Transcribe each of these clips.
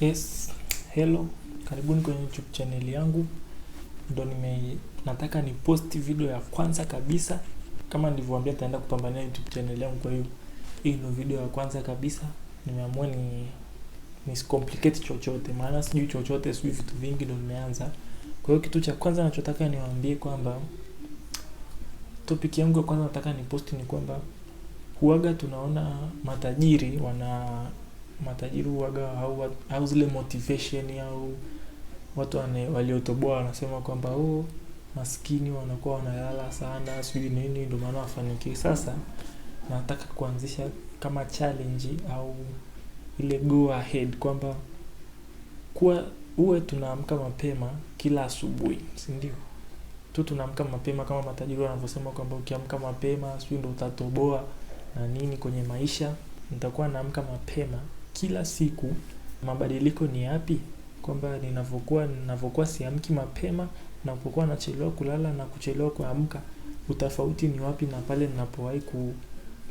Yes, hello, karibuni kwenye YouTube channel yangu. Ndio nime nataka ni post video ya kwanza kabisa, kama nilivyowaambia, taenda kupambania YouTube channel yangu. Kwa hiyo hii ndio video ya kwanza kabisa. Nimeamua ni complicate chochote, maana sijui chochote, sijui vitu vingi, ndio nimeanza. Kwa hiyo kitu cha kwanza ninachotaka niwaambie kwamba topic yangu ya kwanza nataka ni post ni kwamba huaga tunaona matajiri wana matajiri huwaga au, au zile motivation au watu waliotoboa wanasema kwamba huu oh, maskini wanakuwa wanalala sana sijui nini ndio maana wafanikiwi. Sasa nataka kuanzisha kama challenge au ile go ahead kwamba kuwa uwe tunaamka mapema kila asubuhi, si ndio? tu tunaamka mapema kama matajiri wanavyosema kwamba ukiamka mapema sijui ndio utatoboa na nini kwenye maisha. Nitakuwa naamka mapema kila siku mabadiliko ni yapi kwamba ninavyokuwa ninavyokuwa siamki mapema napokuwa nachelewa kulala na kuchelewa kuamka utafauti ni wapi na pale ninapowahi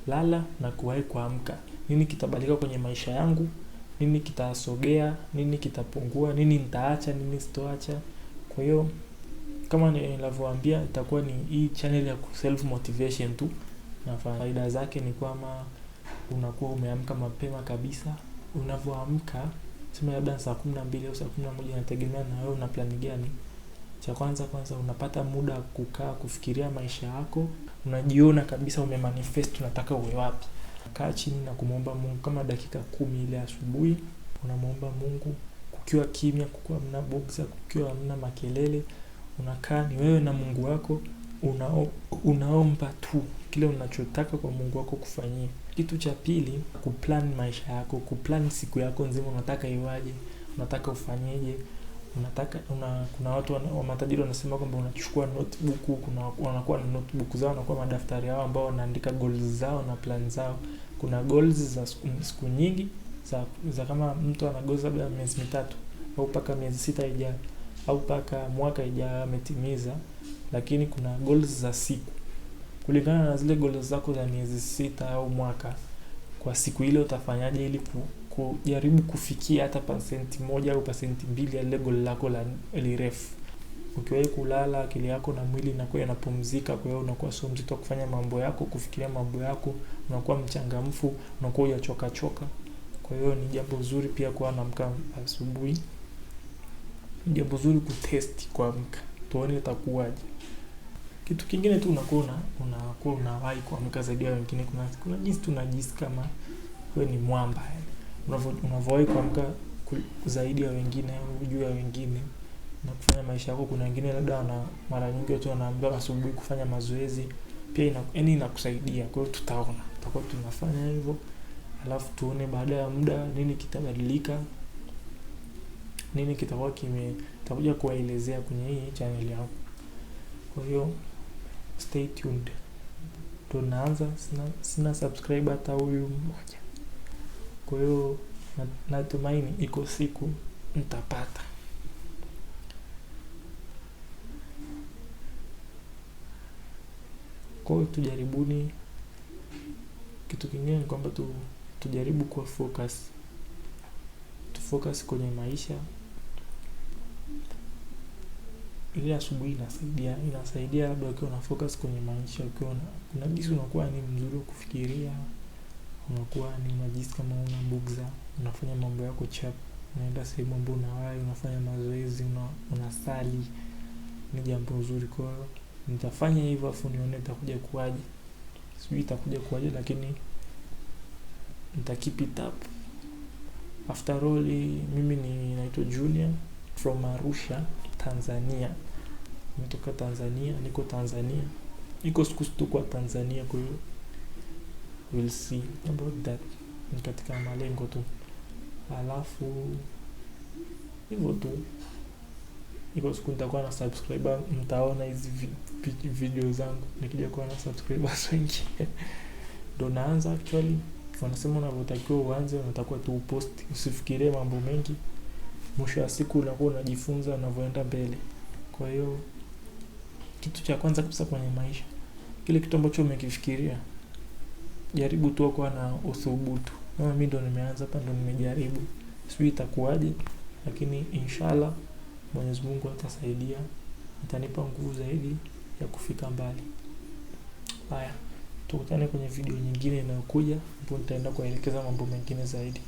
kulala na kuwahi kuamka nini kitabadilika kwenye maisha yangu nini kitasogea nini kitapungua nini nitaacha nini sitoacha kwa hiyo kama nilivyowaambia itakuwa ni hii channel ya self motivation tu na faida zake ni kwamba unakuwa umeamka mapema kabisa unavyoamka sema labda saa kumi na mbili au saa kumi na moja inategemea na wewe una plani gani cha kwanza kwanza unapata muda wa kukaa kufikiria maisha yako unajiona kabisa umemanifest unataka uwe wapi kaa chini na kumwomba mungu kama dakika kumi ile asubuhi unamwomba mungu kukiwa kimya kukiwa mna boksa kukiwa mna makelele unakaa ni wewe na mungu wako una, unaomba tu kile unachotaka kwa mungu wako kufanyia kitu cha pili, kuplan maisha yako, kuplan siku yako nzima unataka iwaje, unataka ufanyeje, unataka una, kuna watu wa matajiri wanasema kwamba unachukua notebook, kuna wanakuwa na notebook zao, wanakuwa madaftari yao ambao wanaandika goals zao na plan zao. Kuna goals za siku, siku nyingi za, za kama mtu ana goals labda miezi mitatu au mpaka miezi sita ijayo au paka mwaka ijayo ametimiza, lakini kuna goals za siku kulingana na zile goals zako za miezi sita au mwaka kwa siku ile utafanyaje ili kujaribu kufikia hata pasenti moja au pasenti mbili ya lile goli lako la lirefu ukiwahi kulala akili yako na mwili inakuwa yanapumzika kwa hiyo unakuwa sio mzito kufanya mambo yako kufikiria mambo yako unakuwa mchangamfu unakuwa choka. kwa hiyo ni jambo zuri pia kuanamka asubuhi jambo zuri kutesti kuamka tuone itakuwaje kitu kingine tu unakuwa unakuwa unawahi kuamka zaidi ya wengine, kuna kuna jinsi tunajisi kama wewe ni mwamba yaani. Unavyo unavyowahi kuamka zaidi ya wengine au juu ya wengine na kufanya maisha yako, kuna wengine labda wana mara nyingi watu wanaambiwa asubuhi kufanya mazoezi pia ina yani inakusaidia. Kwa hiyo tutaona, tutakuwa tunafanya hivyo alafu tuone baada ya muda nini kitabadilika, nini kitakuwa kime nitakuja kuwaelezea kwenye hii channel yangu. Kwa hiyo stay tuned tunaanza sina, sina subscribe hata huyu mmoja kwa hiyo natumaini iko siku ntapata kwa hiyo tujaribuni kitu kingine ni kwamba tu, tujaribu kuwa focus tufocus kwenye maisha ile asubuhi inasaidia inasaidia labda ukiwa una focus kwenye maisha ukiwa na kuna jinsi unakuwa ni mzuri wa kufikiria unakuwa ni unajisi kama una bugza unafanya mambo yako chap unaenda sehemu ambayo unawahi unafanya mazoezi una, unasali ni jambo zuri kwa hiyo nitafanya hivyo afu nione itakuja kuwaje sijui itakuja kuwaje lakini nita keep it up after all mimi ni naitwa junior from Arusha Tanzania. Nimetoka Tanzania, niko Tanzania. Niko siku kwa Tanzania kwa hiyo we'll see about that. Ni katika malengo tu. Alafu hivyo tu. Iko siku nitakuwa na subscriber, mtaona hizi video zangu nikija kuwa na subscribers wengi. Ndo naanza actually. Wanasema unavyotakiwa uanze, unatakiwa tu upost, usifikirie mambo mengi mwisho wa siku unakuwa unajifunza unavyoenda mbele kwa hiyo kitu cha kwanza kabisa kwenye maisha kile kitu ambacho umekifikiria jaribu tu kuwa na uthubutu kama mi ndo nimeanza hapa ndo nimejaribu sijui itakuwaje lakini inshallah mwenyezi mungu atasaidia atanipa nguvu zaidi ya kufika mbali haya tukutane kwenye video nyingine inayokuja ambapo nitaenda kuelekeza mambo mengine zaidi